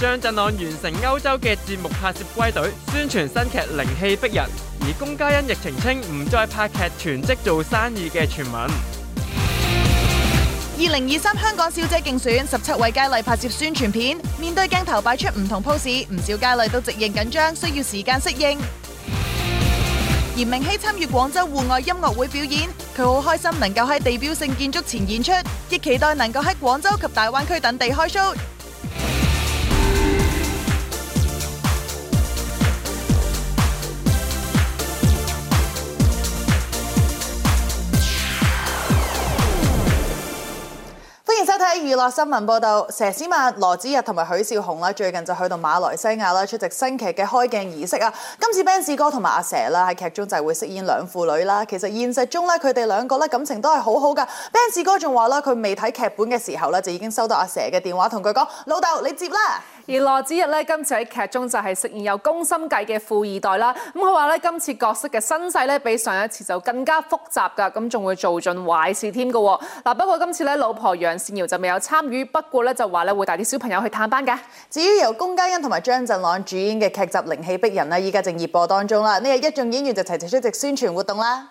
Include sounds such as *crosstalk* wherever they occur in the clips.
張震朗完成歐洲嘅節目拍攝歸隊，宣傳新劇靈氣逼人；而龔嘉欣亦澄清，唔再拍劇，全職做生意嘅傳聞。二零二三香港小姐競選十七位佳麗拍攝宣傳片，面對鏡頭擺出唔同 pose，唔少佳麗都直認緊張，需要時間適應。嚴明熙參與廣州戶外音樂會表演，佢好開心能夠喺地標性建築前演出，亦期待能夠喺廣州及大灣區等地開 show。收睇娛樂新聞報道，佘詩曼、羅子溢同埋許少雄啦，最近就去到馬來西亞啦，出席新劇嘅開鏡儀式啊。今次 Ben 哥同埋阿佘啦喺劇中就係會飾演兩父女啦。其實現實中咧，佢哋兩個咧感情都係好好噶。嗯、Ben 哥仲話啦，佢未睇劇本嘅時候咧，就已經收到阿佘嘅電話跟他說，同佢講：老豆，你接啦！而羅子溢咧今次喺劇中就係飾演有攻心計嘅富二代啦，咁佢話咧今次角色嘅身世咧比上一次就更加複雜噶，咁仲會做盡壞事添嘅。嗱、啊、不過今次咧老婆楊善瑤就未有參與，不過咧就話咧會帶啲小朋友去探班嘅。至於由龔嘉欣同埋張振朗主演嘅劇集《靈氣逼人》呢，依家正熱播當中啦，呢日一眾演員就齊齊出席宣傳活動啦。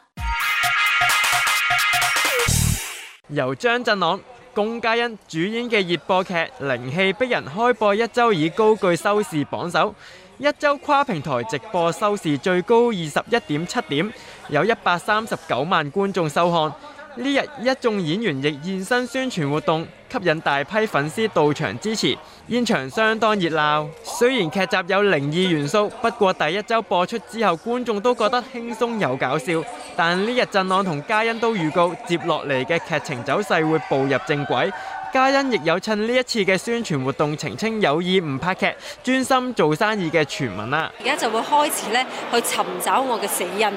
由張振朗。龔嘉欣主演嘅熱播劇《靈氣逼人》開播一周已高居收視榜首，一周跨平台直播收視最高二十一點七點，有一百三十九萬觀眾收看。呢日一眾演員亦現身宣傳活動，吸引大批粉絲到場支持，現場相當熱鬧。雖然劇集有靈異元素，不過第一周播出之後，觀眾都覺得輕鬆又搞笑。但呢日振朗同嘉欣都預告，接落嚟嘅劇情走勢會步入正軌。嘉欣亦有趁呢一次嘅宣傳活動澄清有意唔拍劇，專心做生意嘅傳聞啦。而家就會開始咧去尋找我嘅死因，咁、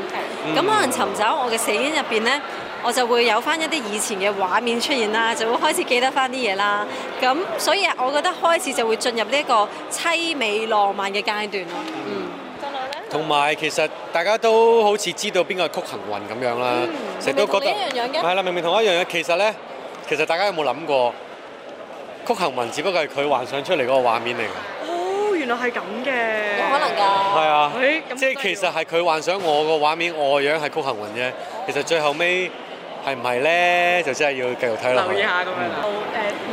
嗯、可能尋找我嘅死因入面呢。我就會有翻一啲以前嘅畫面出現啦，就會開始記得翻啲嘢啦。咁所以我覺得開始就會進入呢個淒美浪漫嘅階段咯。同、嗯、埋、嗯、其實大家都好似知道邊個係曲行雲咁樣啦，成、嗯、日都覺得係啦，明明同一樣嘢。其實呢，其實大家有冇諗過？曲行雲只不過係佢幻想出嚟個畫面嚟㗎。哦，原來係咁嘅。可能㗎。係啊。哎、即係其實係佢幻想我個畫面，我嘅樣係曲行雲啫、哦。其實最後尾。係唔係呢？就真係要繼續睇落。留意下咁樣啦。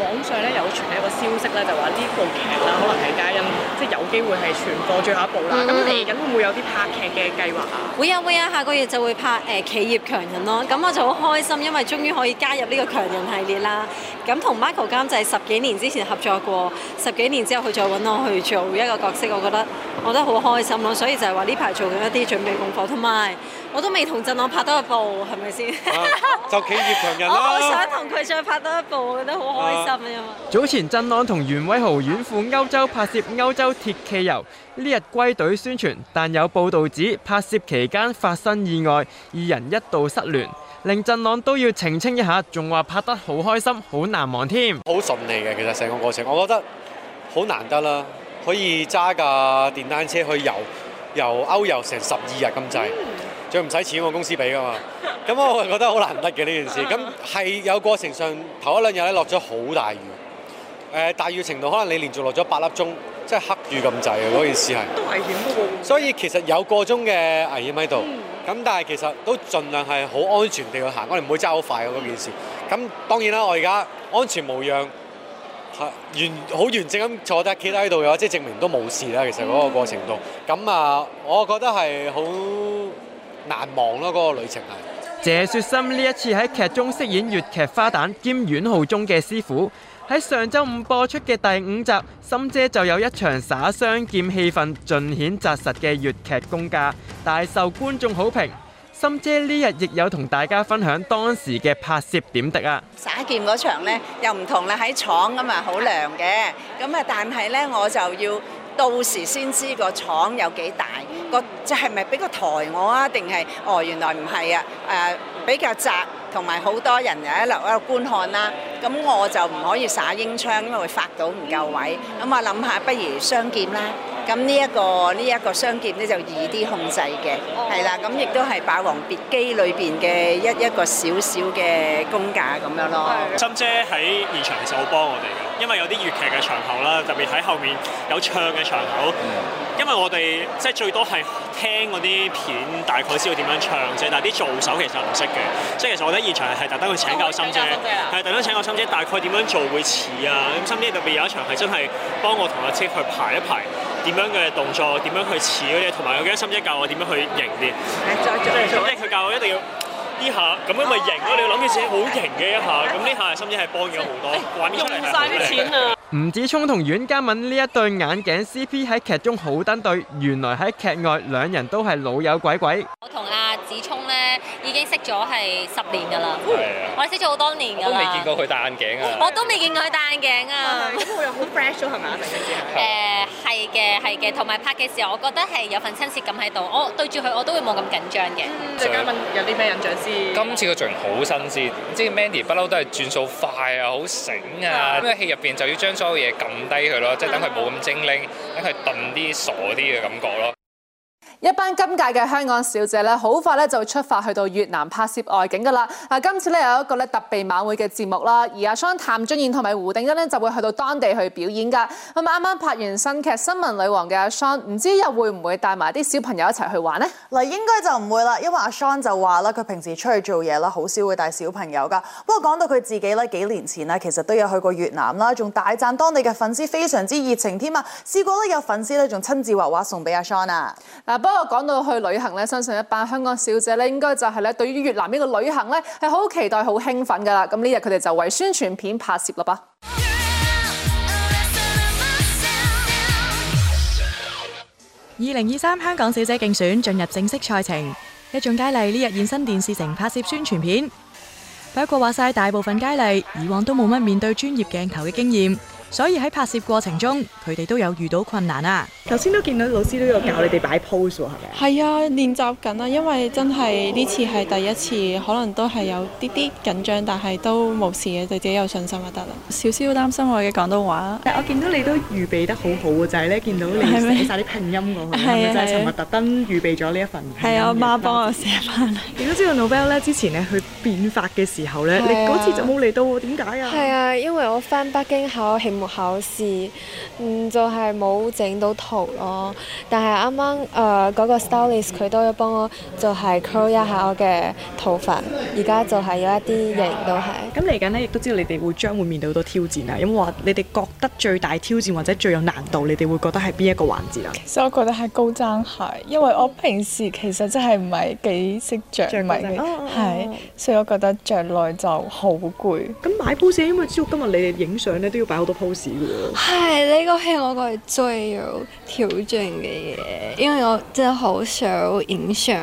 網上咧有傳有一個消息咧，就話呢部劇啦，可能係佳欣，即係有機會係全播最後一部啦。咁、嗯、嚟緊會唔會有啲拍劇嘅計劃啊？會啊會啊，下個月就會拍誒、呃《企業強人》咯。咁我就好開心，因為終於可以加入呢個強人系列啦。咁同 Michael 監製十幾年之前合作過，十幾年之後佢再揾我去做一個角色，我覺得我都好開心咯。所以就係話呢排做緊一啲準備功課，同埋。我都未同振朗拍多一部，係咪先？就企業強人啦，我好想同佢再拍多一部，我覺得好開心啊。早前振朗同袁偉豪遠赴歐洲拍攝歐洲鐵騎遊，呢日歸隊宣傳，但有報導指拍攝期間發生意外，二人一度失聯，令振朗都要澄清一下，仲話拍得好開心，好難忘添。好順利嘅，其實成個過程，我覺得好難得啦！可以揸架電單車去遊，遊歐遊成十二日咁滯。嗯最唔使錢，我公司俾噶嘛，咁我係覺得好難得嘅呢件事。咁係有過程上頭一兩日咧落咗好大雨，呃，誒大雨程度可能你連續落咗八粒鐘，即係黑雨咁滯嘅嗰件事係，都危險，不過。所以其實有個鐘嘅危險喺度，咁但係其實都儘量係好安全地去行，我哋唔會揸好快嗰件事。咁當然啦，我而家安全無恙，完好完整咁坐得企喺度嘅話，即係證明都冇事啦。其實嗰個過程度，咁啊，我覺得係好難忘咯，嗰、那個旅程係。謝雪心呢一次喺劇中飾演粵劇花旦兼阮浩忠嘅師傅，喺上周五播出嘅第五集，心姐就有一場耍雙劍戲份盡顯紮實嘅粵劇功架，大受觀眾好評。心姐呢日亦有同大家分享當時嘅拍攝點滴啊！耍劍嗰場呢，又唔同啦，喺廠咁啊好涼嘅，咁啊但係呢，我就要到時先知個廠有幾大。個即係咪俾個台我啊？定係哦，原來唔係啊！誒，比較窄，同埋好多人又喺度喺度觀看啦。咁我就唔可以耍纓槍，因為會發到唔夠位。咁我諗下，不如雙劍啦。咁呢一個呢一個雙劍咧，就易啲控制嘅。係啦，咁亦都係《霸王別姬》裏邊嘅一一個小小嘅功架咁樣咯。心姐喺現場其實好幫我哋嘅，因為有啲粵劇嘅場口啦，特別喺後面有唱嘅場口。因為我哋即係最多係聽嗰啲片，大概知道點樣唱啫。但係啲做手其實唔識嘅，所以其實我覺得現場係特登去請教心姐，係特登請教心姐，姐大概點樣做會似啊？咁心姐特別有一場係真係幫我同阿戚去排一排點樣嘅動作，點樣去似嗰啲，同埋有幾多心姐教我點樣去型啲。即係咧，佢教我一定要呢下，咁樣咪型咯。你要諗住自己好型嘅一下，咁呢下係心姐係幫咗好多。欸、用曬啲錢啊！吳子聰同阮嘉敏呢一對眼鏡 CP 喺劇中好登對，原來喺劇外兩人都係老友鬼鬼。我同阿子聰呢已經識咗係十年噶啦，我識咗好多年噶啦。都未見過佢戴眼鏡啊？我都未見過佢戴眼鏡啊。佢個造型好 fresh 咯，係咪？一定係啲人。誒、係嘅，係嘅，同埋拍嘅時候，我覺得係有份親切感喺度。我對住佢，我都會冇咁緊張嘅。阮嘉敏有啲咩印象先？今次個造型好新鮮，即係 Mandy 不嬲都係轉數快啊，好醒啊。咁喺戲入邊就要將。所有嘢撳低佢咯，即係等佢冇咁精靈，等佢鈍啲傻啲嘅感覺咯。一班今屆嘅香港小姐咧，好快咧就出發去到越南拍攝外景噶啦。嗱，今次咧有一個咧特別晚會嘅節目啦，而阿 Son 譚俊彥同埋胡定欣咧就會去到當地去表演噶。咁啱啱拍完新劇《新聞女王》嘅阿 Son，唔知又會唔會帶埋啲小朋友一齊去玩呢？嗱，應該就唔會啦，因為阿 Son 就話啦，佢平時出去做嘢啦，好少會帶小朋友噶。不過講到佢自己咧，幾年前啊，其實都有去過越南啦，仲大讚當地嘅粉絲非常之熱情添啊，試過咧有粉絲咧仲親自畫畫送俾阿 Son 啊。嗱，不過講到去旅行咧，相信一班香港小姐咧，應該就係咧對於越南呢個旅行咧係好期待、好興奮㗎啦。咁呢日佢哋就為宣傳片拍攝啦噃。二零二三香港小姐競選進入正式賽程，一眾佳麗呢日現身電視城拍攝宣傳片。不過話晒，大部分佳麗以往都冇乜面對專業鏡頭嘅經驗。所以喺拍攝過程中，佢哋都有遇到困難啊！頭先都見到老師都有教你哋擺 pose 喎，係咪？係啊，練習緊啊，因為真係呢、哦、次係第一次，哦哦、可能都係有啲啲緊張，但係都冇事嘅，對自己有信心就得啦。少少好擔心我嘅廣東話。我見到你都預備得好好嘅，就係咧見到你寫曬啲拼音喎、啊啊，就係琴日特登預備咗呢一份。係啊，我媽幫我寫翻啦。你都知道諾貝爾咧，之前咧佢變法嘅時候咧、啊，你嗰次就冇嚟到喎，點解啊？係啊，因為我翻北京考。冇考試，嗯，就係冇整到頭咯、哦。但係啱啱誒嗰個 stylist 佢都有幫我，就係 curl 一下我嘅頭髮。而家就係有一啲型都係。咁嚟緊呢，亦都知道你哋會將會面對好多挑戰啊！有冇話你哋覺得最大挑戰或者最有難度，你哋會覺得係邊一個環節啊？所以我覺得係高踭鞋，因為我平時其實真係唔係幾識着，係所以我覺得着耐就好攰。咁買 pose 因為知道今日你哋影相咧都要擺好多 p 係呢、這個係我個最有挑戰嘅嘢，因為我真係好少影相，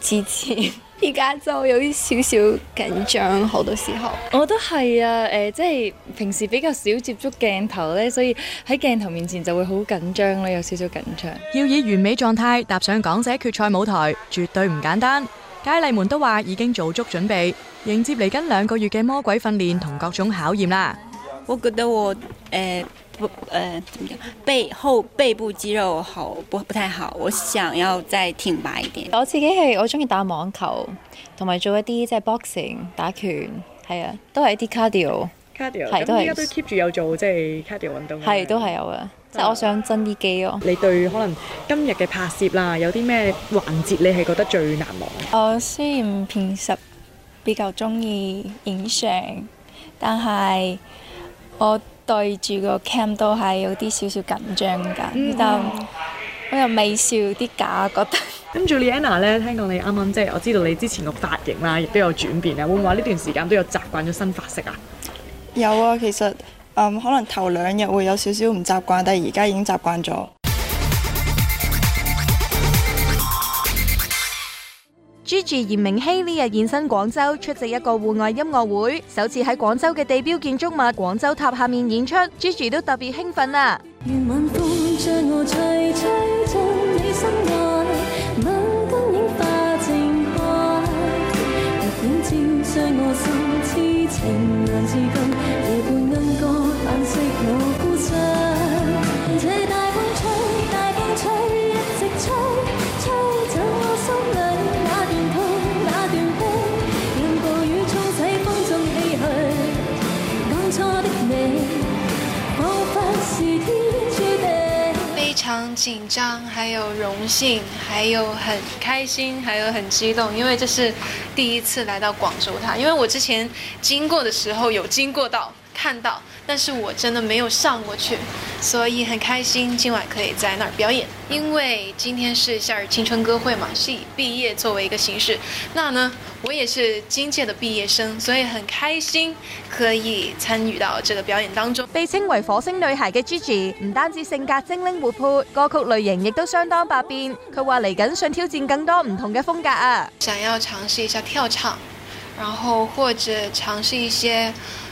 之前而家就有啲少少緊張，好多時候我都係啊，誒、呃，即係平時比較少接觸鏡頭咧，所以喺鏡頭面前就會好緊張啦，有少少緊張。要以完美狀態踏上港姐決賽舞台，絕對唔簡單。佳麗們都話已經做足準備，迎接嚟緊兩個月嘅魔鬼訓練同各種考驗啦。我覺得我誒誒，點、呃呃呃、背後背部肌肉好不不太好，我想要再挺拔一點。我自己係我中意打網球，同埋做一啲即係 boxing 打拳，係啊，都係一啲 cardio，cardio 係都係。而家都 keep 住有做即係、就是、cardio 運動。係都係有嘅，即係、就是、我想增啲肌咯。你對可能今日嘅拍攝啦，有啲咩環節你係覺得最難忘？我雖然平時比較中意影相，但係。我對住個 cam 都係有啲少少緊張㗎，就、嗯嗯、我又微笑啲假，覺得。咁 Juliana 咧，聽到你啱啱即係，我知道你之前個髮型啦，亦都有轉變啊，會唔會呢段時間都有習慣咗新髮色啊？有啊，其實、嗯、可能頭兩日會有少少唔習慣，但係而家已經習慣咗。Gigi 嚴明熙呢日現身廣州，出席一個戶外音樂會，首次喺廣州嘅地標建築物廣州塔下面演出。Gigi 都特別興奮啊！緊張，還有榮幸，還有很開心，還有很激動，因為這是第一次來到廣州塔，因為我之前經過的時候有經過到。看到，但是我真的沒有上過去，所以很開心今晚可以在那兒表演。因為今天是夏日青春歌會嘛，是以畢業作為一個形式。那呢，我也是今屆的畢業生，所以很開心可以參與到這個表演當中。被稱為火星女孩嘅 Gigi，唔單止性格精靈活潑，歌曲類型亦都相當百變。佢話嚟緊想挑戰更多唔同嘅風格啊。想要嘗試一下跳唱，然後或者嘗試一些。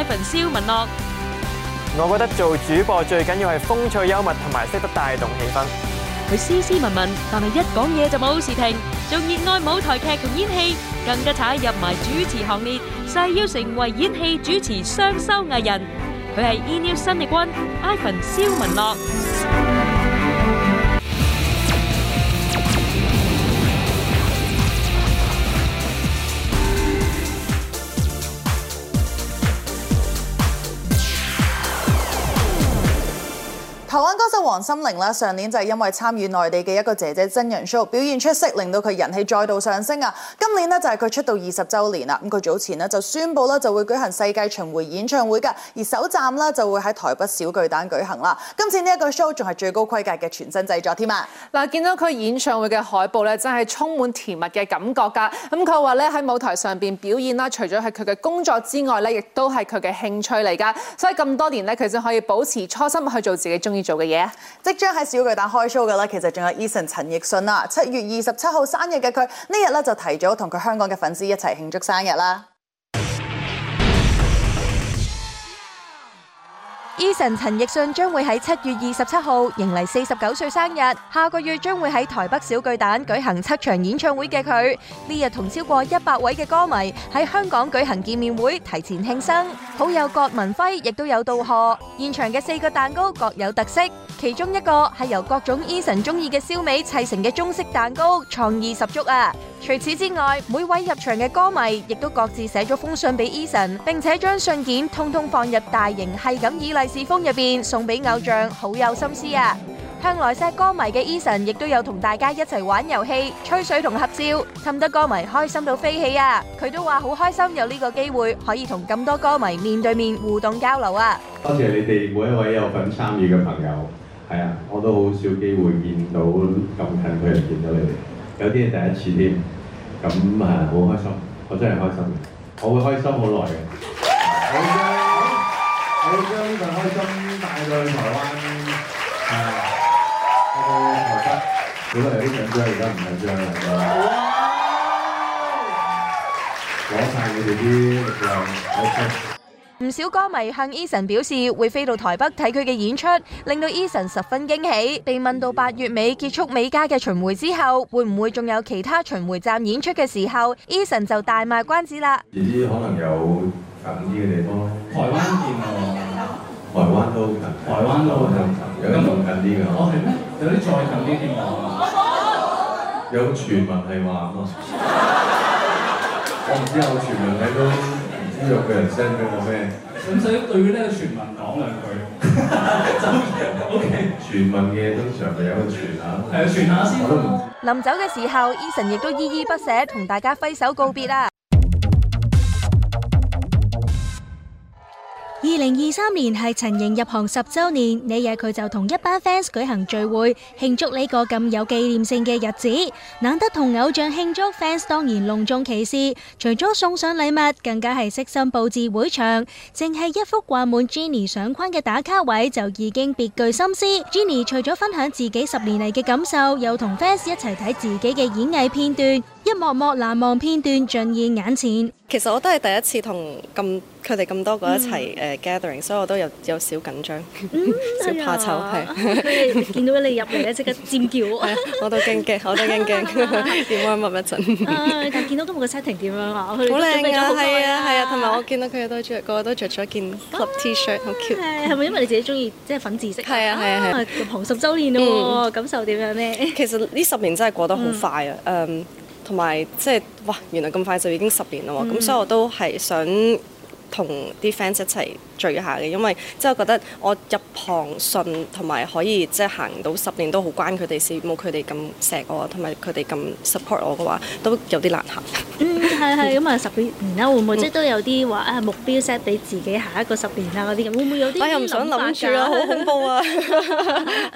Ivan 肖文樂，我覺得做主播最緊要係風趣幽默同埋識得帶動氣氛。佢斯斯文文，但係一講嘢就冇時停，仲熱愛舞台劇同演戲，更加踩入埋主持行列，誓要成為演戲主持雙修藝人。佢係 Enew 新力軍，Ivan 肖文樂。台灣歌手王心凌咧，上年就係因為參與內地嘅一個姐姐真人 show，表現出色，令到佢人氣再度上升啊！今年咧就係佢出道二十週年啦，咁佢早前咧就宣布咧就會舉行世界巡迴演唱會噶，而首站咧就會喺台北小巨蛋舉行啦。今次呢一個 show 仲係最高規格嘅全新製作添啊！嗱，見到佢演唱會嘅海報咧，真係充滿甜蜜嘅感覺噶。咁佢話咧喺舞台上邊表演啦，除咗係佢嘅工作之外咧，亦都係佢嘅興趣嚟噶。所以咁多年咧，佢就可以保持初心去做自己中意做嘅嘢，即將喺小巨蛋開 show 嘅啦。其實仲有 Eason 陳奕迅啦，七月二十七號生日嘅佢，呢日咧就提早同佢香港嘅粉絲一齊慶祝生日啦。Eason 陳奕迅將會喺七月二十七號迎嚟四十九歲生日，下個月將會喺台北小巨蛋舉行七場演唱會嘅佢，呢日同超過一百位嘅歌迷喺香港舉行見面會，提前慶生。好友郭文輝亦都有道賀，現場嘅四個蛋糕各有特色，其中一個係由各種 Eason 中意嘅燒味砌成嘅中式蛋糕，創意十足啊！除此之外，每位入場嘅歌迷亦都各自寫咗封信俾 Eason，並且將信件通通放入大型係咁以嚟。視風入邊送俾偶像，好有心思啊！向來錫歌迷嘅 Eason 亦都有同大家一齊玩遊戲、吹水同合照，氹得歌迷開心到飛起啊！佢都話好開心有呢個機會可以同咁多歌迷面對面互動交流啊！多謝你哋每一位有份參與嘅朋友。係啊，我都好少機會見到咁近，佢又見到你哋，有啲係第一次添，咁啊好開心，我真係開心嘅，我會開心好耐嘅。我將呢份開心帶到台灣，啊，佢覺得好多人都想追，而家唔想追啦，係嘛？攞曬佢哋啲力量，好嘅。唔少歌迷向 Eason 表示會飛到台北睇佢嘅演出，令到 Eason 十分驚喜。被問到八月尾結束美加嘅巡迴之後，會唔會仲有其他巡迴站演出嘅時候，Eason 就大賣關子啦。遲啲可能有。近啲嘅地方咧，台灣見，台灣都近，台灣都近，有啲更近啲嘅，哦係咩？有啲再近啲見，有傳聞係話咁啊！我唔知啊，傳聞睇到唔知有個人 send 咗我咩。使唔使對呢個傳聞講兩句？O K，傳聞嘅通常咪有得傳下咯，係啊，傳下先咯。臨走嘅時候，Eason 亦都依依不捨，同大家揮手告別啦。二零二三年係陳瀅入行十周年，呢日佢就同一班 fans 舉行聚會慶祝呢個咁有紀念性嘅日子。難得同偶像慶祝，fans 當然隆重其事。除咗送上禮物，更加係悉心布置會場。淨係一幅掛滿 Jeannie 相框嘅打卡位就已經別具心思。Jeannie 除咗分享自己十年嚟嘅感受，又同 fans 一齊睇自己嘅演藝片段，一幕幕難忘片段盡現眼前。其實我都係第一次同咁。佢哋咁多個一齊誒、嗯 uh, gathering，所以我都有有少緊張，少怕醜係。 *laughs* 哎、 *laughs* 見到你入嚟咧，即刻尖叫。我都驚驚，我都驚驚，點解乜一陣？但見到今日嘅 setting 點樣啊？好 *laughs* 靚啊！係 *laughs* 啊，係啊，同埋我見到佢哋都著個個都着咗件 club t-shirt，好 cute。係咪因為你自己中意即係粉紫色？係啊係啊係啊！旁是、啊、 *laughs* 十周年喎、嗯，感受點樣咧？ *laughs* 其實呢十年真係過得好快啊。同埋即係哇，原來咁快就已經十年啦喎。咁、嗯、所以我都係想。同啲 fans 一齊聚下嘅，因為即係覺得我入行順同埋可以即係行到十年都好關佢哋事，冇佢哋咁錫我，同埋佢哋咁 support 我嘅話，都有啲難行。嗯，係係，咁啊十年啊會唔會、嗯、即係都有啲話啊目標 set 俾自己下一個十年啊嗰啲咁？會唔會有啲我又唔想諗住啊，好恐怖啊！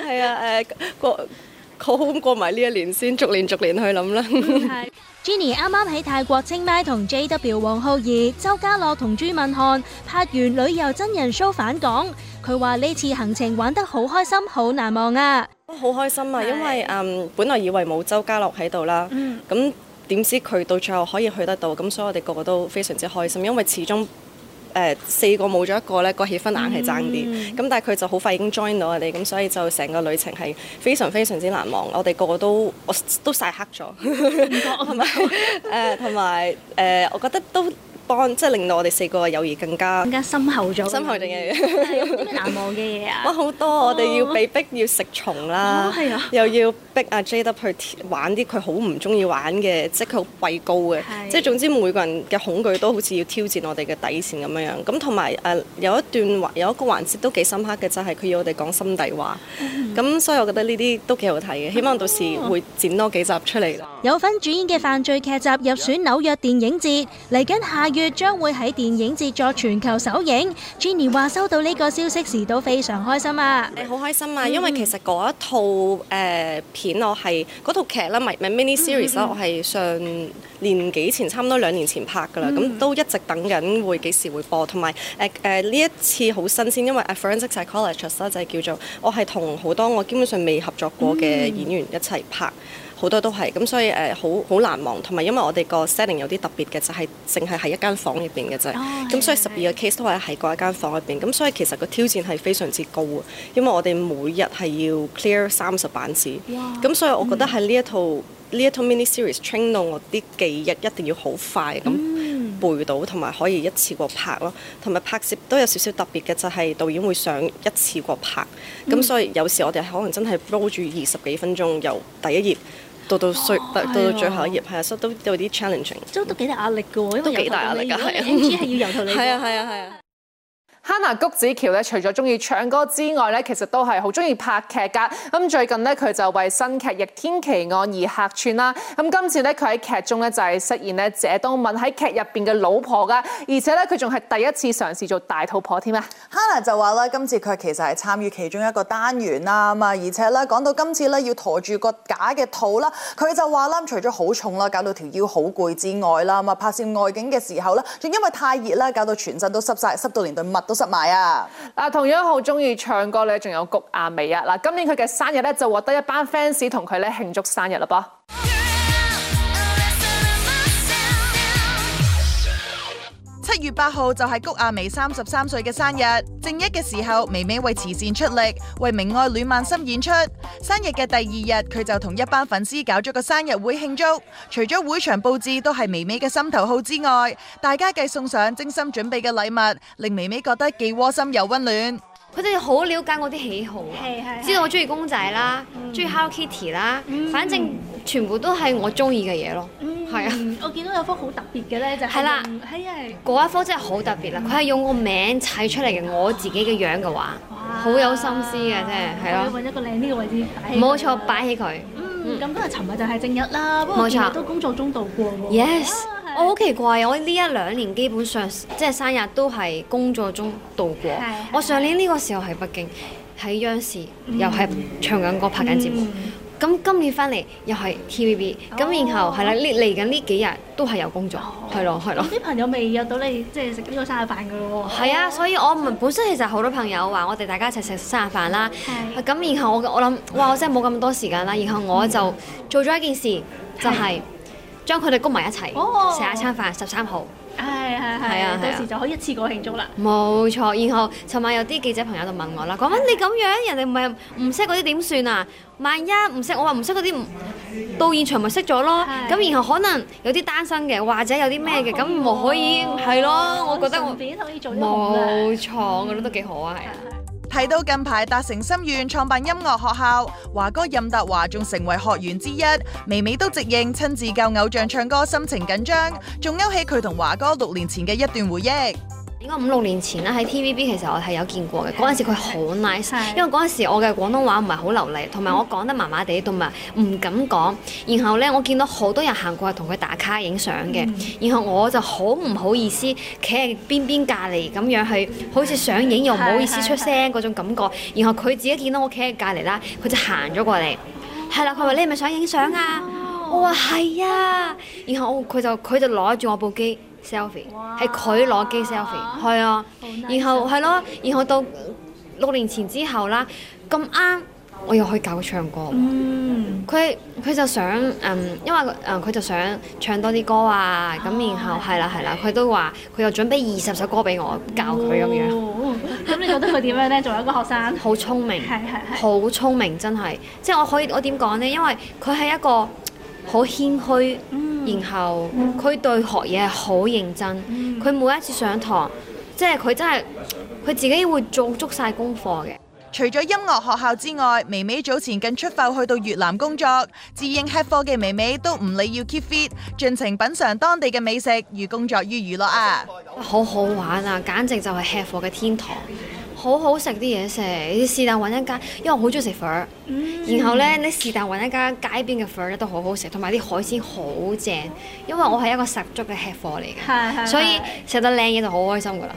係 *laughs* 啊， *laughs* *laughs* 誒過好好過埋呢一年先，逐年逐年去諗啦。嗯 Jenny 啱啱喺泰國清邁同 JW 王浩兒、周家樂同朱敏瀚拍完旅遊真人 show 返港，佢話呢次行程玩得好開心，好難忘啊！都好開心啊，因為誒、um, 本來以為冇周家樂喺度啦，咁、嗯、點知佢到最後可以去得到，咁所以我哋個個都非常之開心，因為始終。呃、四個冇咗一個，呢個氣氛硬係爭啲。咁、嗯、但係佢就好快已經 join 到我哋，咁所以就成個旅程係非常非常之難忘。我哋個個都，我都晒黑咗，係 *laughs* 咪？ *laughs* *laughs* 誒同埋誒，我覺得都。幫即係令到我哋四個嘅友誼更加更加深厚咗，深厚定係 *laughs* 難忘嘅嘢啊！哇，好多、oh. 我哋要被逼要食蟲啦，oh. 又要逼阿 Jade 去玩啲佢好唔中意玩嘅，oh. 即係佢好畏高嘅，oh. 即係總之每個人嘅恐懼都好似要挑戰我哋嘅底線咁樣樣。咁同埋誒有一段有一個環節都幾深刻嘅就係、是、佢要我哋講心底話。咁、oh. 所以我覺得呢啲都幾好睇嘅，希望到時會剪多幾集出嚟。Oh. 有份主演嘅犯罪劇集入選紐約電影節，嚟緊下，下月將會喺電影節作全球首映。Jenny 話收到呢個消息時都非常開心啊！好、欸、開心啊！因為其實嗰一套、呃、片我係嗰套劇啦，咪、嗯、咪 mini series 啦、嗯嗯，我係上年幾前，差唔多兩年前拍㗎啦，咁、嗯、都一直等緊會幾時會播。同埋誒呢一次好新鮮，因為《A forensic psychologist》就係叫做我係同好多我基本上未合作過嘅演員一齊拍。嗯好多都係咁，所以誒好好難忘。同埋因為我哋個 setting 有啲特別嘅，就係淨係喺一間房入面嘅啫。咁、oh, 所以十二個 case 都係喺嗰一間房入面。咁所以其實個挑戰係非常之高啊！因為我哋每日係要 clear 三十板紙，咁、wow, 所以我覺得喺呢一套呢、嗯、一套 mini series train 到我啲記憶一定要好快咁背到，同、嗯、埋可以一次過拍咯。同埋拍攝都有少少特別嘅，就係、是、導演會想一次過拍，咁、嗯、所以有時我哋可能真係 load 住二十幾分鐘由第一頁。到到最到到最後一頁，係、哦、啊，所以都有啲 challenging，都都幾大壓力嘅喎，因為由頭你總之係要由頭你啊係啊係啊！ *laughs* 哈娜菊梓喬咧，除咗中意唱歌之外咧，其實都係好中意拍劇㗎。咁最近咧，佢就為新劇《逆天奇案》而客串啦。咁今次咧，佢喺劇中咧就係飾演咧謝東閔喺劇入邊嘅老婆㗎，而且咧佢仲係第一次嘗試做大肚婆添啊！哈娜就話啦，今次佢其實係參與其中一個單元啦，咁啊，而且咧講到今次咧要陀住個假嘅肚啦，佢就話啦，除咗好重啦，搞到條腰好攰之外啦，咁啊，拍攝外景嘅時候咧，仲因為太熱啦，搞到全身都濕晒，濕到連對襪都～失埋啊！嗱，同樣好中意唱歌咧，仲有谷亞美啊！嗱，今年佢嘅生日咧，就獲得一班 fans 同佢咧慶祝生日嘞噃。七月八號就係、是、谷婭溦三十三歲嘅生日，正一嘅時候，溦溦為慈善出力，為明愛暖萬心演出。生日嘅第二日，佢就同一班粉絲搞咗個生日會慶祝。除咗會場布置都係溦溦嘅心頭好之外，大家更送上精心準備嘅禮物，令溦溦覺得既窩心又溫暖。佢哋好了解我啲喜好、啊，係係係知道我中意公仔啦，中、嗯、意 Hello Kitty 啦，嗯、反正全部都係我中意嘅嘢咯。係、嗯、啊，我見到有幅好特別嘅咧，就係、係、係、嗯、啊，嗰一幅真係好特別啦！佢係用我名砌出嚟嘅我自己嘅樣嘅畫好有心思嘅，啊，真係，係咯。揾一個靚呢、呢個位置，冇錯，擺起佢。嗯，咁今日尋日就係正日啦，冇、嗯、過全部都工作中度過 Yes，、啊、我好奇怪，我呢一兩年基本上即係、就是、生日都係工作中度過。我上年呢個時候喺北京，喺央視、嗯、又係唱緊歌拍緊節目。嗯咁今年翻嚟又係 TVB，咁、oh. 然後係啦，呢嚟緊呢幾日都係有工作，係咯係咯。啲朋友未約到你，即係食呢個生日飯嘅喎。係、oh. 啊，所以我唔係本身其實好多朋友話，我哋大家一齊食生日飯啦。係。咁然後我我諗，哇！我真係冇咁多時間啦。然後我就做咗一件事，就係將佢哋供埋一齊食、oh. 一餐飯，十三號。係係係，到時就可以一次過慶祝啦。冇錯，然後尋晚有啲記者朋友就問我啦，講緊、啊：你咁樣，人哋唔係唔識嗰啲點算啊？萬一唔識，我話唔識嗰啲，到現場咪識咗咯。咁、啊、然後可能有啲單身嘅，或者有啲咩嘅，咁、哦、咪可以係咯、哦啊。我覺得我自己可以做冇錯、嗯，覺得都幾好啊，睇到近排達成心願創辦音樂學校，華哥任達華仲成為學員之一，微微都直認親自教偶像唱歌，心情緊張，仲勾起佢同華哥六年前嘅一段回憶。應該五六年前啦，喺 TVB 其實我係有見過嘅。嗰陣時佢好 nice，因為嗰陣時我嘅廣東話唔係好流利，同埋我講得麻麻地，同埋唔敢講。然後呢，我見到好多人行過嚟同佢打卡影相嘅，然後我就好唔好意思企喺邊邊隔離咁樣去，好似想影又唔好意思出聲嗰種感覺。然後佢自己見到我企喺隔離啦，佢就行咗過嚟，係、嗯、啦，佢話你係咪想影相啊？嗯、我話係啊，然後佢就佢就攞住我部機。selfie 係佢攞機 selfie 係啊，啊，然後係咯，然後到六年前之後啦，咁啱我又去教佢唱歌。佢、嗯、佢就想嗯，因為誒佢、嗯、就想唱多啲歌啊，咁、啊、然後係啦係啦，佢都話佢又準備二十首歌俾我教佢咁、哦、樣。咁、哦、 *laughs* 你覺得佢點樣咧？作為一個學生，好 *laughs* 聰明，係係係，好聰明真係，即係我可以我點講咧？因為佢係一個好謙虛、嗯。然後佢對學嘢係好認真，佢、嗯、每一次上堂，即係佢真係佢自己會做足晒功課嘅。除咗音樂學校之外，微微早前近出埠去到越南工作。自認吃貨嘅微微都唔理要 keep fit，盡情品嚐當地嘅美食，寓工作於娛樂啊！好好玩啊，簡直就係吃貨嘅天堂。好好食啲嘢食，你是但揾一間，因為我好中意食粉。然後呢，你是但揾一間街邊嘅粉咧都好好食，同埋啲海鮮好正、嗯。因為我係一個十足嘅吃貨嚟嘅、嗯，所以食得靚嘢就好開心㗎啦。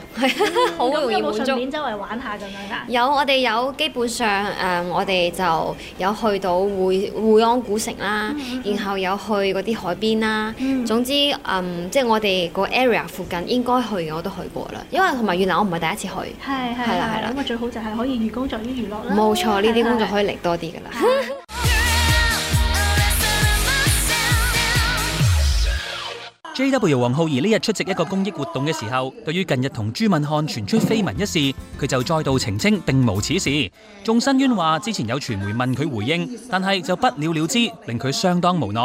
好、嗯、 *laughs* 容易滿足。周、嗯、圍玩一下咁樣。有我哋有基本上誒、嗯，我哋就有去到會會安古城啦、嗯，然後有去嗰啲海邊啦。嗯。總之即係、嗯就是、我哋個 area 附近應該去嘅我都去過啦。因為同埋越南我唔係第一次去。係、嗯、係兩個最好就係可以寓工作於娛樂啦。冇錯，呢啲工作可以嚟多啲㗎喇。 *laughs* JW 王浩兒呢日出席一個公益活動嘅時候，對於近日同朱敏瀚傳出緋聞一事，佢就再度澄清並無此事，仲呻冤話之前有傳媒問佢回應，但係就不了了之，令佢相當無奈。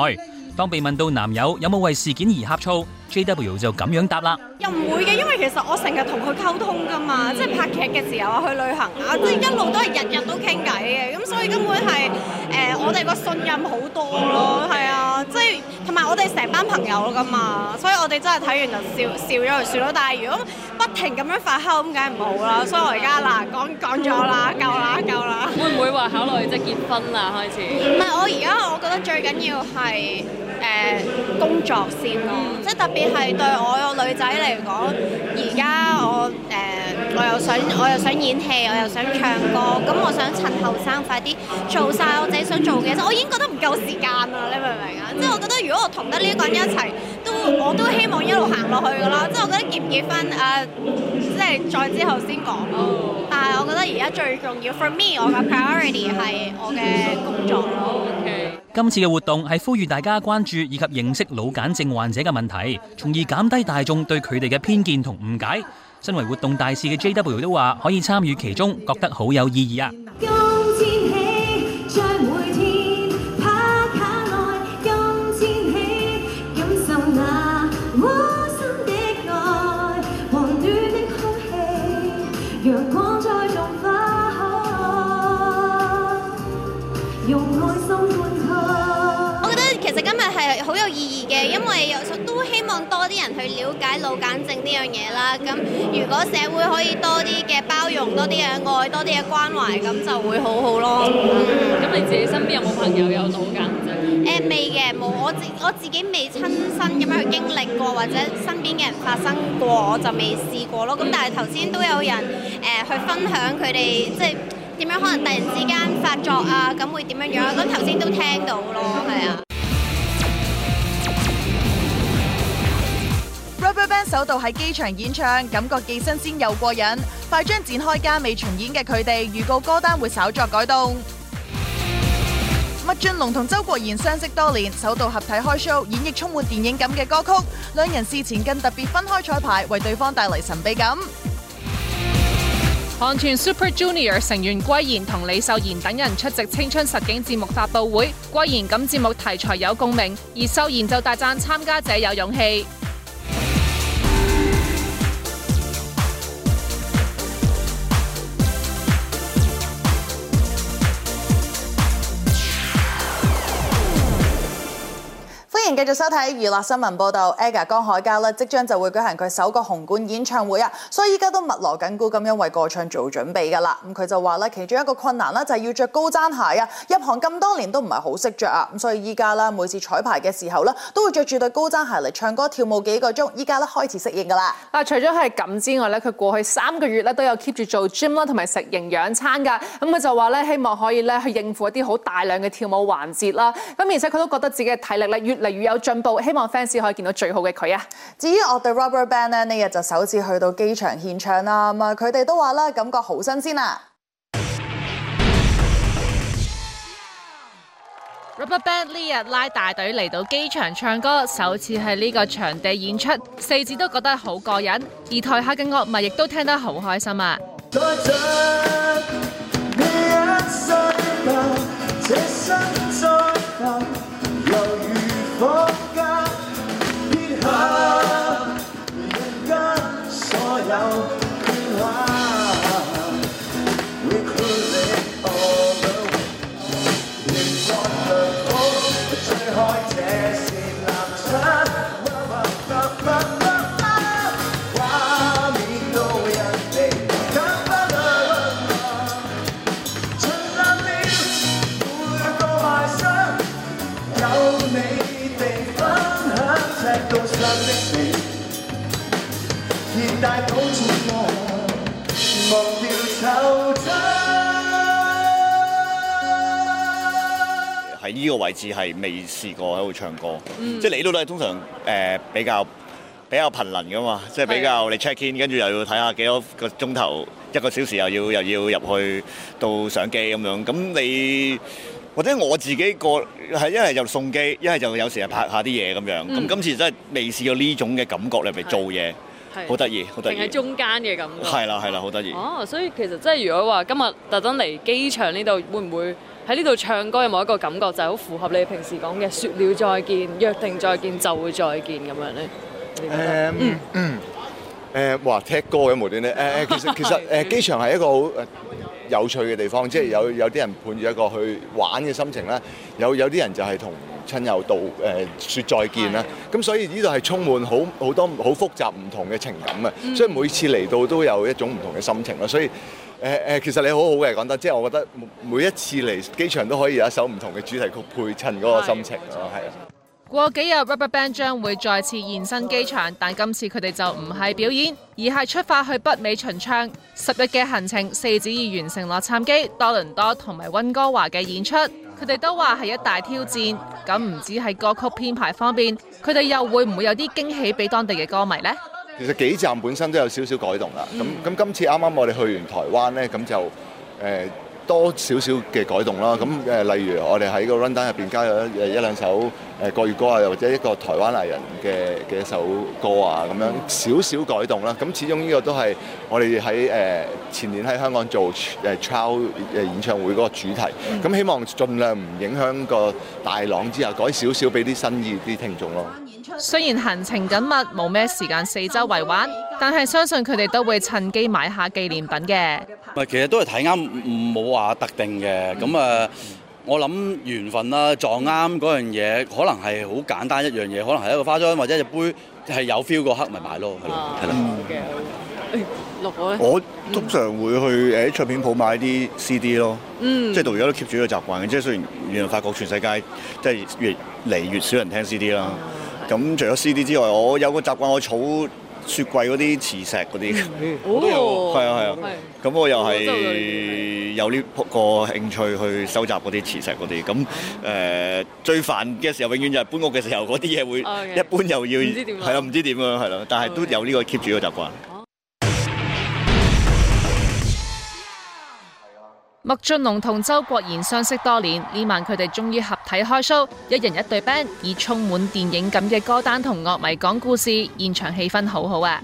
當被問到男友有冇為事件而呷醋，JW 就咁樣答啦。又唔會嘅，因為其實我成日同佢溝通噶嘛，即係拍劇嘅時候啊，去旅行啊，即係一路都係日日都傾偈嘅，咁所以根本係誒、呃，我哋個信任好多咯，係、oh, okay. 啊，即係。同埋我哋成班朋友㗎嘛，所以我哋真係睇完就笑笑咗就算咯。但係如果不停咁樣發酵，咁梗係唔好啦。 *laughs* 所以我而家嗱講講咗啦， *laughs* 夠啦夠啦。會唔會話考慮即係結婚啊？開始？唔、嗯、係我而家，我覺得最緊要係誒、呃、工作先咯、嗯。即係特別係對我個女仔嚟講，而家我誒。呃我又想，我又想演戲，我又想唱歌，咁、嗯嗯、我想趁後生快啲做晒我自己想做嘅嘢、嗯，我已經覺得唔夠時間啦，你明唔明啊？即係我覺得如果我同得呢一個人一齊，都我都希望一路行落去噶啦。即係我覺得結唔結婚，啊、即係再之後先講咯。但係我覺得而家最重要，for me，我嘅 priority 係我嘅工作、嗯嗯 okay。今次嘅活動係呼籲大家關注以及認識腦癇症患者嘅問題，從而減低大眾對佢哋嘅偏見同誤解。身為活動大使嘅 JW 都話可以參與其中，覺得好有意義啊！因為有都希望多啲人去了解腦癇症呢樣嘢啦，咁如果社會可以多啲嘅包容、多啲嘅愛、多啲嘅關懷，咁就會很好好咯。咁你自己身邊有冇朋友有腦癇症？誒、呃、未嘅冇，我自我自己未親身咁樣去經歷過，或者身邊嘅人發生過，我就未試過咯。咁但係頭先都有人誒、呃、去分享佢哋即係點樣，可能突然之間發作啊，咁會點樣樣？咁頭先都聽到咯，係啊。band 首度喺機場演唱，感覺既新鮮又過癮。快將展開加美巡演嘅佢哋，預告歌單會稍作改動。麥浚龍同周國賢相識多年，首度合體開 show，演繹充滿電影感嘅歌曲。兩人事前更特別分開彩排，為對方帶嚟神秘感。韓團 Super Junior 成員圭賢同李秀賢等人出席青春實景節目發佈會，圭賢感節目題材有共鳴，而秀賢就大讚參加者有勇氣。歡迎繼續收睇娛樂新聞報道 AGA 江海迦咧即將就會舉行佢首個紅館演唱會啊，所以依家都密鑼緊鼓咁樣為個唱做準備噶啦。咁、嗯、佢就話咧，其中一個困難咧就係、是、要着高踭鞋啊，入行咁多年都唔係好識着啊，咁所以依家啦，每次彩排嘅時候咧都會着住對高踭鞋嚟唱歌跳舞幾個鐘，依家咧開始適應噶啦。嗱，除咗係咁之外咧，佢過去三個月咧都有 keep 住做 gym 啦，同埋食營養餐噶。咁、嗯、佢就話咧，希望可以咧去應付一啲好大量嘅跳舞環節啦。咁、嗯、而且佢都覺得自己嘅體力咧越嚟如有進步，希望 fans 可以見到最好嘅佢啊！至於我哋《Rubber Band》呢日就首次去到機場獻唱啦。咁啊，佢哋都話啦，感覺好新鮮啊！《Rubber Band》呢日拉大隊嚟到機場唱歌，首次喺呢個場地演出，四字都覺得好過癮。而台下嘅樂迷亦都聽得好開心啊！ *music* 放下撇下人間所有牽掛。喺呢個位置係未試過喺度唱歌，即係你呢度都係通常誒比較比較頻能噶嘛，即係比較你 check in，跟住又要睇下幾多個鐘頭，一個小時又要又要入去到上機咁樣。咁你或者我自己個係一係就送機，一係就有時係拍下啲嘢咁樣。咁今次真係未試過呢種嘅感覺嚟，係做嘢。好得意，好得意，定係中間嘅感覺。係啦，係啦，好得意。哦，所以其實即係，如果話今日特登嚟機場呢度，會唔會喺呢度唱歌有冇一個感覺，就係好符合你平時講嘅《說了再見》，約定再見就會再見咁樣咧？誒嗯嗯誒，哇！聽歌嘅無端端誒誒，其實其實誒，機場係一個好。有趣嘅地方，即係有有啲人伴住一個去玩嘅心情啦，有有啲人就係同親友道誒説再見啦，咁所以呢度係充滿好好多好複雜唔同嘅情感啊，所以每次嚟到都有一種唔同嘅心情咯，所以誒誒，其實你好好嘅講得，即係我覺得每一次嚟機場都可以有一首唔同嘅主題曲配襯嗰個心情咯，係。過幾日 Rubberband 將會再次現身機場，但今次佢哋就唔係表演，而係出發去北美巡唱十日嘅行程，四子已完成洛杉磯、多倫多同埋温哥華嘅演出。佢哋都話係一大挑戰，咁唔止喺歌曲編排方面，佢哋又會唔會有啲驚喜俾當地嘅歌迷呢？其實幾站本身都有少少改動啦。咁、嗯、咁今次啱啱我哋去完台灣呢，咁就誒。呃多少少嘅改動啦，咁誒例如我哋喺個 run down 入邊加入一兩首誒國語歌啊，又或者一個台灣藝人嘅嘅一首歌啊，咁樣少少改動啦。咁始終呢個都係我哋喺誒前年喺香港做誒 trial 誒演唱會嗰個主題。咁希望盡量唔影響個大浪之下改少少俾啲新意啲聽眾咯。雖然行程緊密，冇咩時間四周圍玩，但係相信佢哋都會趁機買下紀念品嘅。其實都係睇啱，唔冇話特定嘅。咁啊、嗯，我諗緣分啦，撞啱嗰樣嘢，可能係好簡單一樣嘢，可能係一個花樽或者隻杯係有 feel 個刻咪買咯，係啦。嗯嘅，六、嗯、我通常會去誒唱片鋪買啲 CD 咯，即係到而家都 keep 住呢個習慣嘅。即係雖然原來發覺全世界即係越嚟越少人聽 CD 啦，咁、嗯、除咗 CD 之外，我有個習慣我儲。雪櫃嗰啲磁石嗰啲 *noise* 哦，係啊係啊，咁 *noise* 我又係有呢個興趣去收集嗰啲磁石嗰啲。咁誒、呃、最煩嘅時候永遠就係搬屋嘅時候，嗰啲嘢會、哦、okay，一般又要係啊唔知點樣係咯，但係都有呢、這個 keep 住個習慣。麥浚龍同周國賢相識多年，呢晚佢哋終於合體開 show，一人一對 band，以充滿電影感嘅歌單同樂迷講故事，現場氣氛好好啊！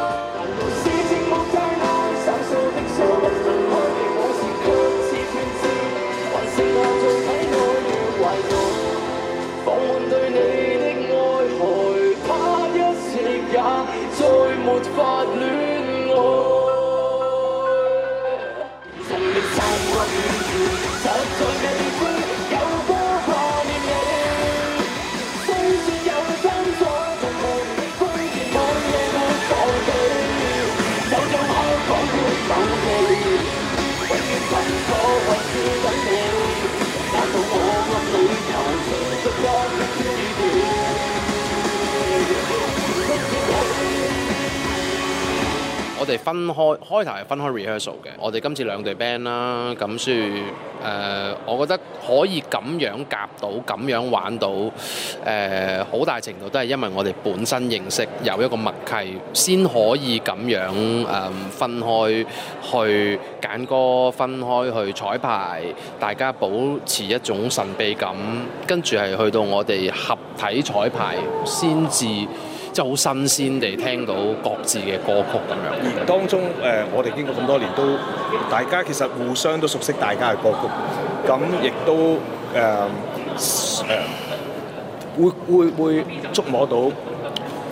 我哋分開，開頭係分開 rehearsal 嘅。我哋今次兩隊 band 啦，咁所以、呃、我覺得可以咁樣夾到，咁樣玩到，誒、呃，好大程度都係因為我哋本身認識有一個默契，先可以咁樣、呃、分開去揀歌，分開去彩排，大家保持一種神秘感，跟住係去到我哋合體彩排先至。就好新鮮地聽到各自嘅歌曲咁樣，而當中誒、呃，我哋經過咁多年都，大家其實互相都熟悉大家嘅歌曲，咁亦都誒誒、呃呃，會會、會觸摸到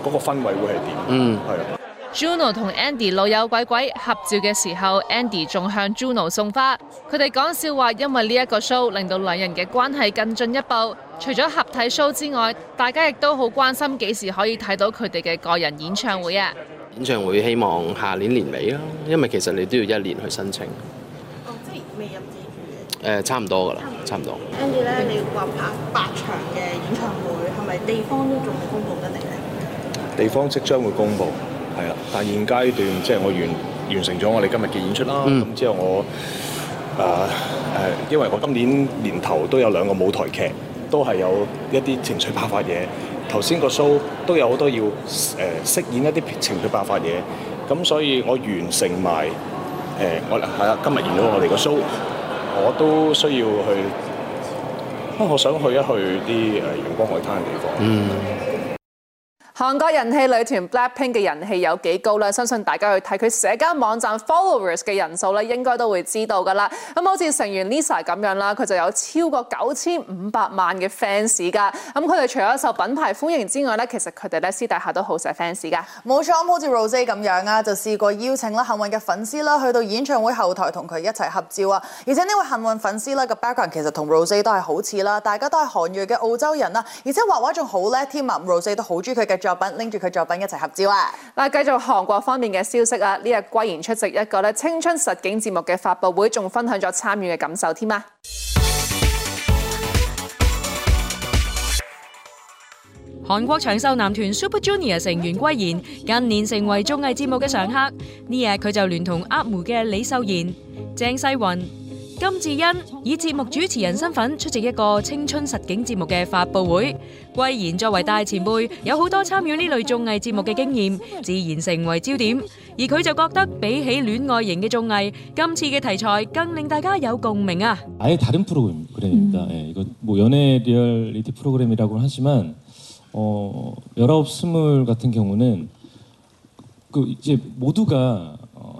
嗰個氛圍會係點？嗯。係啊。Juno 同 Andy 老友鬼鬼合照嘅時候，Andy 仲向 Juno 送花。佢哋講笑話，因為呢一個 show 令到兩人嘅關係更進一步。除咗合體 show 之外，大家亦都好關心幾時可以睇到佢哋嘅個人演唱會啊！演唱會希望下年年尾啦，因為其實你都要一年去申請。哦，即係未入年誒，差唔多噶啦，差唔多。跟住咧，你話拍八場嘅演唱會，係咪地方都仲未公布得嚟咧？地方即將會公布。係啦，但係現階段即係我完完成咗我哋今日嘅演出啦。咁、嗯、之後我啊誒、呃，因為我今年年頭都有兩個舞台劇，都係有一啲情緒爆發嘢。頭先個 show 都有好多要誒、呃、飾演一啲情緒爆發嘢，咁所以我完成埋誒、呃、我係啦，今日完咗我哋個 show，我都需要去啊，我想去一去啲誒陽光海灘嘅地方。嗯。韓國人氣女團 BLACKPINK 嘅人氣有幾高咧？相信大家去睇佢社交網站 followers 嘅人數咧，應該都會知道㗎啦。咁好似成員 Lisa 咁樣啦，佢就有超過九千五百萬嘅 fans 噶。咁佢哋除咗受品牌歡迎之外咧，其實佢哋咧私底下都好錫 fans 噶。冇錯，好似 Rosé 咁樣啊，就試過邀請啦幸運嘅粉絲啦去到演唱會後台同佢一齊合照啊。而且呢位幸運粉絲咧嘅 background 其實同 Rosé 都係好似啦，大家都係韓裔嘅澳洲人啦。而且畫畫仲好叻添啊 Rosé 都好中意佢嘅作。作拎住佢作品一齊合照啊！嗱，繼續韓國方面嘅消息啊！呢日圭賢出席一個咧青春實景節目嘅發佈會，仲分享咗參與嘅感受添啊！韓國長壽男團 Super Junior 成員圭賢近年成為綜藝節目嘅常客，呢日佢就聯同阿梅嘅李秀賢、鄭世云。金智恩以節目主持人身份出席一個青春實景節目嘅發佈會。桂言作為大前輩，有好多參與呢類綜藝節目嘅經驗，自然成為焦點。而佢就覺得比起戀愛型嘅綜藝，今次嘅題材更令大家有共鳴啊！喺다른프로그램입니다.이거뭐연예리얼리티프로그램이라고하지만열아홉스물같은경우는그이제모두가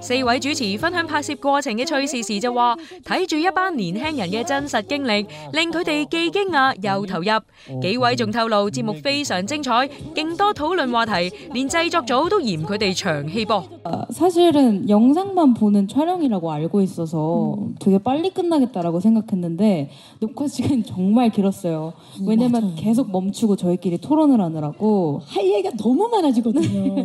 四位主持分享拍攝過程嘅趣事時就話：睇住一班年輕人嘅真實經歷，令佢哋既驚訝又投入。幾位仲透露節目非常精彩，勁多討論話題，連製作組都嫌佢哋長氣噃。其實係因為我哋係透過視頻嚟睇，所以我就以為會好快結束，但係錄音時間真係好長。因為我哋要不斷停下來討論，所以話題就多咗好多。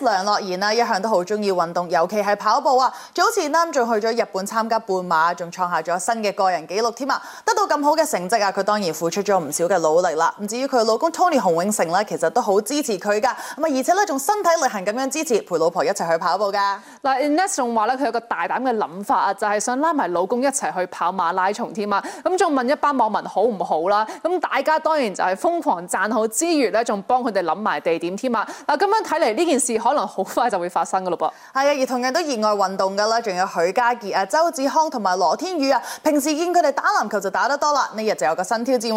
梁洛妍啦，一向都好中意運動，尤其係跑步啊！早前啱仲去咗日本參加半馬，仲創下咗新嘅個人紀錄添啊！得到咁好嘅成績啊，佢當然付出咗唔少嘅努力啦。唔至於佢老公 Tony 洪永城咧，其實都好支持佢噶，咁啊而且咧仲身體力行咁樣支持，陪老婆一齊去跑步噶。嗱，Ines 仲話咧，佢有個大膽嘅諗法啊，就係想拉埋老公一齊去跑馬拉松添啊！咁仲問一班網民好唔好啦？咁大家當然就係瘋狂讚好之餘咧，仲幫佢哋諗埋地點添啊！嗱，咁樣睇嚟呢件事。可能好快就會發生噶咯噃，係啊！而同樣都熱愛運動噶啦，仲有許家傑啊、周志康同埋羅天宇啊。平時見佢哋打籃球就打得多啦，呢日就有個新挑戰。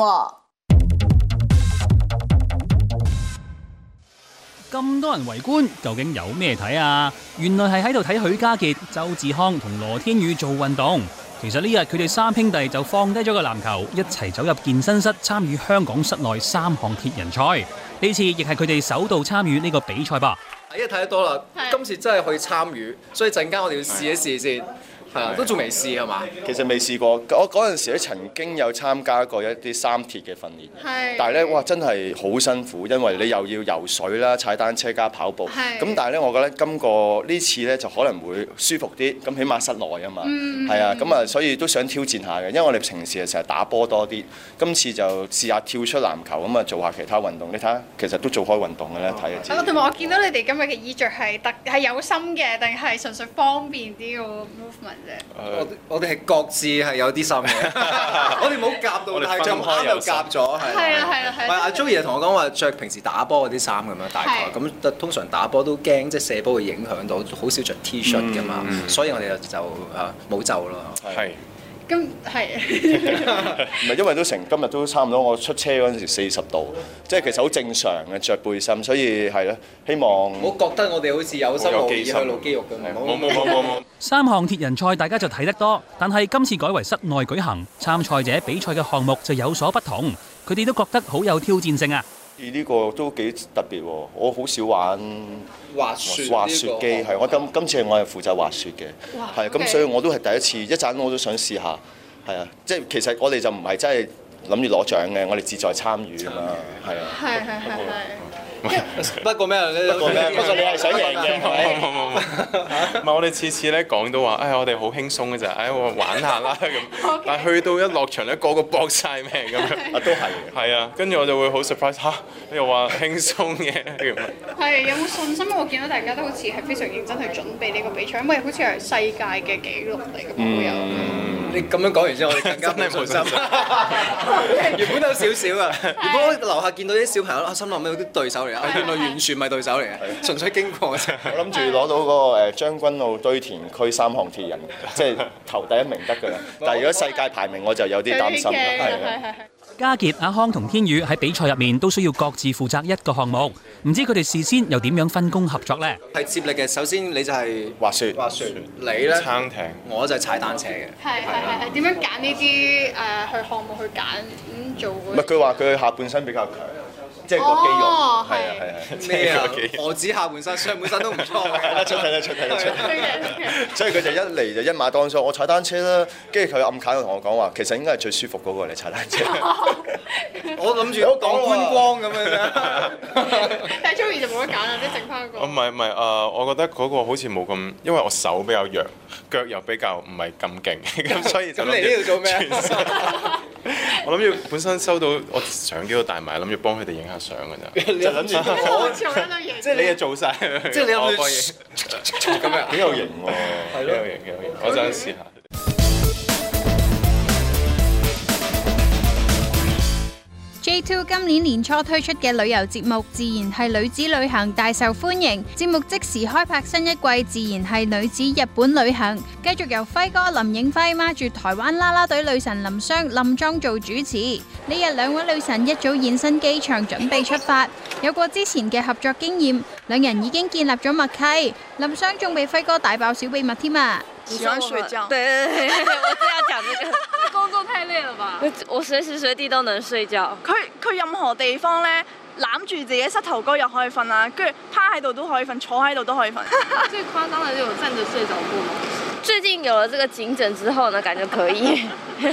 咁多人圍觀，究竟有咩睇啊？原來係喺度睇許家傑、周志康同羅天宇做運動。其實呢日佢哋三兄弟就放低咗個籃球，一齊走入健身室參與香港室內三項鐵人賽。呢次亦係佢哋首度參與呢個比賽吧。因為睇得多喇是、啊、今次真係可以參與，所以陣間我哋要試一試先。啊、都仲未試係嘛？其實未試過，我嗰陣時咧曾經有參加過一啲三鐵嘅訓練，但係咧哇真係好辛苦，因為你又要游水啦、踩單車加跑步，咁但係咧我覺得今個今次呢次咧就可能會舒服啲，咁起碼室內啊嘛，係、嗯、啊，咁啊所以都想挑戰一下嘅，因為我哋平時係成日打波多啲，今次就試下跳出籃球咁啊做下其他運動，你睇下其實都做開運動嘅咧睇下。哦，同埋我見到你哋今日嘅衣着係特係有心嘅，定係純粹方便啲 movement？Uh, 我們我哋係各自係有啲衫嘅， *laughs* *laughs* 我哋冇夾到， *laughs* 但係啱又夾咗，係啊係啊係。唔阿 Joey 又同我講話着平時打波嗰啲衫咁樣，大概咁通常打波都驚，即係射波會影響到，好少着 t 恤 h 噶嘛， *laughs* 所以我哋又就啊冇袖咯，係。咁係，唔係 *laughs* 因為都成今日都差唔多，我出車嗰陣時四十度，即係其實好正常嘅着背心，所以係啦，希望唔好覺得我哋好似有心無意去露肌肉咁，冇冇冇冇冇。 *laughs* 三項鐵人賽大家就睇得多，但係今次改為室內舉行，參賽者比賽嘅項目就有所不同，佢哋都覺得好有挑戰性啊。呢、呢個都幾特別喎！我好少玩滑雪，滑雪、呢個、滑雪機，係、啊、我今、啊、今次我係負責滑雪嘅，係咁、okay. 所以我都係第一次一陣我都想試下，係啊！即係其實我哋就唔係真係諗住攞獎嘅，我哋志在參與啊，係啊！係係係係。不過咩？不過你係想贏嘅，係咪？唔唔唔唔，唔係我哋次次咧講都話，哎，我哋好輕鬆嘅咋，哎，我玩下啦咁。但係去到一落場咧，個個搏曬命咁樣。啊，都係，係啊。跟住我就會好 surprise，嚇，又話輕鬆嘅咁。係有冇信心？我見到大家都好似係非常認真去準備呢個比賽，因為好似係世界嘅紀錄嚟嘅嘛，都有。你咁樣講完之後，我哋更加冇信心。原本都有少少嘅。如果樓下見到啲小朋友，心諗咩？啲對手嚟。原來完全唔係對手嚟嘅，純粹經過嘅啫。我諗住攞到嗰個誒將軍澳堆填區三項鐵人，即係頭第一名得㗎啦。但係如果世界排名我就有啲擔心啦。係係係。嘉傑、阿康同天宇喺比賽入面都需要各自負責一個項目，唔知佢哋事先又點樣分工合作咧？係接力嘅，首先你就係滑雪，滑雪。你咧？撐艇。我就係踩單車嘅。係係係係。點樣揀呢啲誒去項目去揀咁做？唔係佢話佢下半身比較強。哦、即係個肌肉，係、oh, 啊，係啊，咩啊？啊我指下半身，上半身都唔錯。睇 *laughs* 得、啊、出，睇得出，睇得出，啊出，出，出，出。所以佢就一嚟就一馬當先。我踩單車啦，他他跟住佢暗揀，同我講話，其實應該係最舒服嗰個嚟踩單車。 *laughs* 啊、我諗住都講觀光咁樣啫。 *laughs* *laughs* 但係 Joey 就冇得揀啦，都剩翻嗰個。唔係唔係，誒，我覺得嗰個好似冇咁，因為我手比較弱，腳又比較唔係咁勁， *laughs* 所以咁你呢度做咩？全身、 *laughs* 啊。 *laughs* *laughs* 我諗要本身收到我相機都帶埋，諗住幫佢哋影下相咋。你就諗住即係你，你又做晒，即係你諗住做咁樣，幾有型喎，幾有型幾有型。有型，我想試下。K2、今年年初推出嘅旅遊節目，自然係女子旅行大受歡迎。節目即時開拍新一季，自然係女子日本旅行。繼續由輝哥林影輝孖住台灣啦啦隊女神林湘冧莊做主持。呢日兩位女神一早現身機場準備出發。有過之前嘅合作經驗，兩人已經建立咗默契。林湘仲被輝哥大爆小秘密添啊！喜歡睡覺，對，對對對，我這樣講這個。 *laughs* 工作太累了吧？我隨時隨地都能睡覺。佢佢任何地方呢，攬住自己膝頭哥又可以瞓啊，跟住趴喺度都可以瞓，坐喺度都可以瞓。最誇張的就有站着睡着過嗎？最近有了這個頸枕之後呢，感覺可以。 *laughs*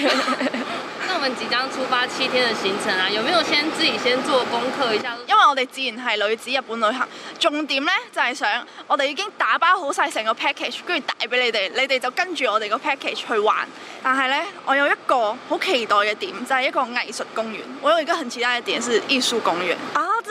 我們即將出發七天的行程啊，有冇有先自己先做功課一下？因為我哋自然係女子日本旅行，重點呢就係想我哋已經打包好晒成個 package，跟住帶俾你哋，你哋就跟住我哋個 package 去玩。但係呢，我有一個好期待嘅點，就係一個藝術公園。我有一個很期待嘅點是藝術公園啊。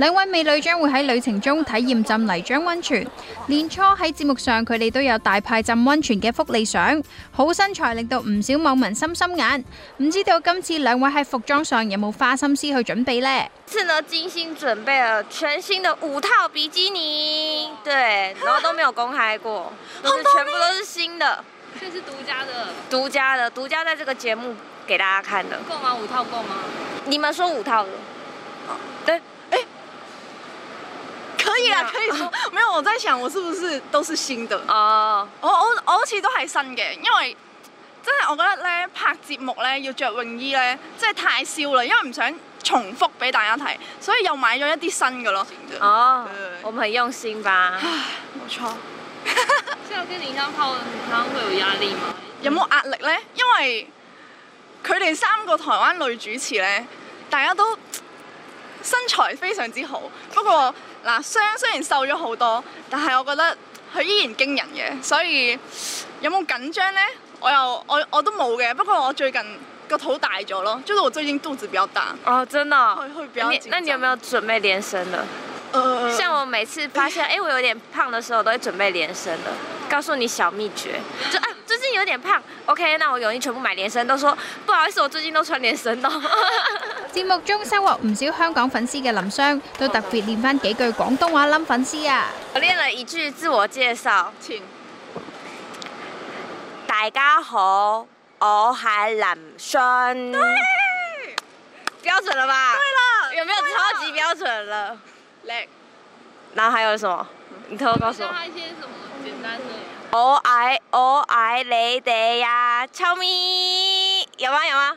兩位美女將會喺旅程中體驗浸泥漿溫泉。年初喺節目上，佢哋都有大派浸溫泉嘅福利相，好身材令到唔少網民心心眼。唔知道今次兩位喺服裝上有冇花心思去準備呢？這次呢，精心準備了全新的五套比基尼，對，然後都沒有公開過，啊就是，全部都是新的，這，就是獨家的，獨家的，獨家在這個節目給大家看的。夠嗎？五套夠嗎？你們說五套的，啊、對。所以啦、啊，可以說，沒有。我在想，我是不是都是新的？哦、oh.，我我我好似都係新嘅，因為真係我覺得咧拍節目咧要着泳衣咧，真係太燒啦，因為唔想重複俾大家睇，所以又買咗一啲新嘅咯。哦、oh.，我唔係優先吧？冇錯。之後啲連身褲，連身褲有壓力嗎？嗯、有冇壓力咧？因為佢哋三個台灣女主持咧，大家都身材非常之好，不過。嗱，雖然瘦咗好多，但係我覺得佢依然驚人嘅，所以有冇緊張呢？我又我我都冇嘅，不過我最近個肚大咗咯，就是我最近肚子比較大。哦，真的、哦。會會比較緊張。那你有冇準備連身的？呃。像我每次發現，哎、 *laughs* 欸，我有點胖的時候，我都會準備連身的。告訴你小秘訣，就、啊、最近有點胖。OK，那我泳衣全部買連身，都說不好意思，我最近都穿連身的。 *laughs* 節目中收穫唔少香港粉絲嘅林湘，都特別練翻幾句廣東話冧粉絲啊！我練了一句自我介紹，請大家好，我係林湘，對，標準了吧？對了，有沒有超級標準了？叻，然後還有什麼？你偷偷告訴我。加一些什麼簡單的？我愛我愛你哋呀，啊，超咪有嗎有嗎？有嗎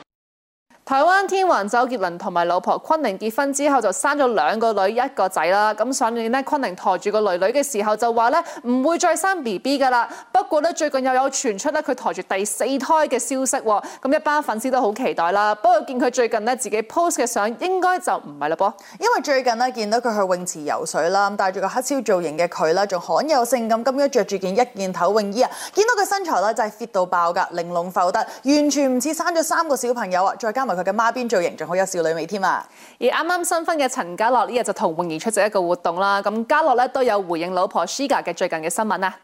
台灣天王周杰倫同埋老婆昆凌結婚之後就生咗兩個女一個仔啦。咁上年咧，昆凌抬住個女女嘅時候就話咧唔會再生 B B 噶啦。不過咧最近又有傳出咧佢抬住第四胎嘅消息喎。咁一班粉絲都好期待啦。不過見佢最近咧自己 post 嘅相應該就唔係啦噃。因為最近咧見到佢去泳池游水啦，帶住個黑超造型嘅佢啦，仲罕有性感咁樣着住件一件頭泳衣啊。見到佢身材咧就係 fit 到爆㗎，玲瓏浮凸，完全唔似生咗三個小朋友啊。再加埋嘅孖辮造型仲好有少女味添啊！而啱啱新婚嘅陳家樂呢日就同穎兒出席一個活動啦。咁家樂咧都有回應老婆 Shiga 嘅最近嘅新聞啊。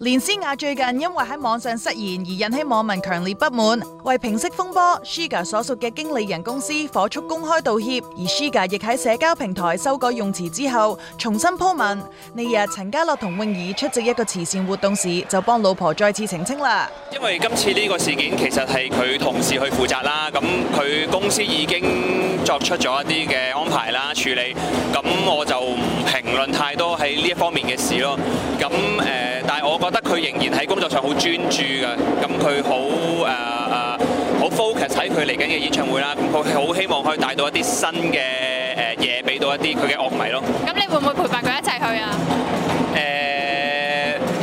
連詩雅最近因為喺網上失言而引起網民強烈不滿。為平息風波，Shiga 所屬嘅經理人公司火速公開道歉，而 Shiga 亦喺社交平台修改用詞之後，重新鋪文。呢日陳家樂同泳兒出席一個慈善活動時，就幫老婆再次澄清啦。因為今次呢個事件其實係佢同事去負責啦，咁佢公司已經作出咗一啲嘅安排啦，處理。咁我就唔評論太多喺呢一方面嘅事咯。咁誒、呃，但係我。覺得佢仍然喺工作上好專注嘅，咁佢好誒、誒，好 focus 喺佢嚟緊嘅演唱會啦，佢好希望可以帶到一啲新嘅誒嘢俾到一啲佢嘅樂迷咯。咁你會唔會陪伴佢一齊去啊？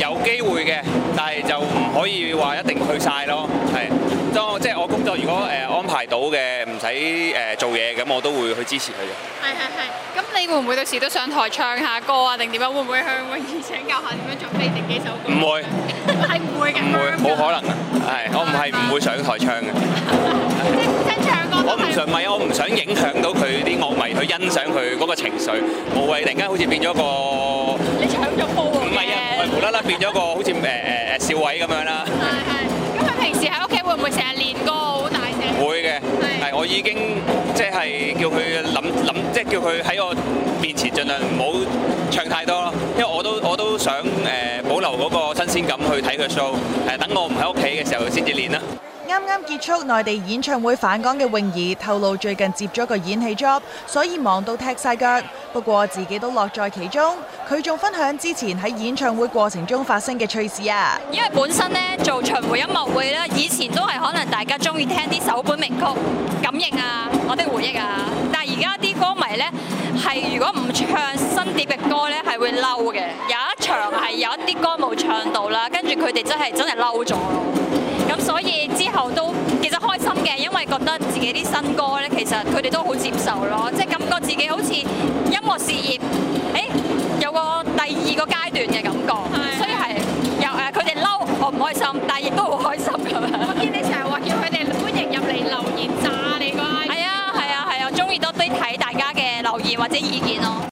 誒，有機會嘅，但係就唔可以話一定去曬咯。係，當即係我工作如果誒。到嘅唔使誒做嘢咁，我都會去支持佢嘅。係係係。咁你會唔會到時都上台唱下歌啊？定點樣？會唔會向榮兒請教下點樣準備定幾首歌？唔會，係唔會㗎？唔會，冇可能㗎。係，我唔係唔會上台唱嘅。即係聽唱歌。我唔想，唔係我唔想影響到佢啲樂迷去欣賞佢嗰個情緒。無謂突然間好似變咗個。你搶咗波㗎？唔係啊，唔係無啦啦變咗個好似誒誒少偉咁樣啦。我已經即係叫佢諗諗，即係叫佢喺我面前盡量唔好唱太多咯，因為我都我都想誒保留嗰個新鮮感去睇佢 show。係等我唔喺屋企嘅時候先至練啦。啱啱結束內地演唱會返港嘅泳兒透露，最近接咗個演戲 job，所以忙到踢晒腳。不過自己都樂在其中。佢仲分享之前喺演唱會過程中發生嘅趣事啊！因為本身咧做巡迴音樂會咧，以前都係可能大家中意聽啲首本名曲、感應啊、我的回憶啊。但係而家啲歌迷咧係如果唔唱新碟嘅歌咧係會嬲嘅。有一場係有一啲歌冇唱到啦，跟住佢哋真係真係嬲咗。咁所以之後都其實開心嘅，因為覺得自己啲新歌咧，其實佢哋都好接受咯，即係感覺自己好似音樂事業，誒、欸、有個第二個階段嘅感覺。所以係又誒，佢哋嬲我唔開心，但係亦都好開心咁啊！我見你成日話叫佢哋歡迎入嚟留言炸你個，係啊係啊係啊，中意多啲睇大家嘅留言或者意見咯。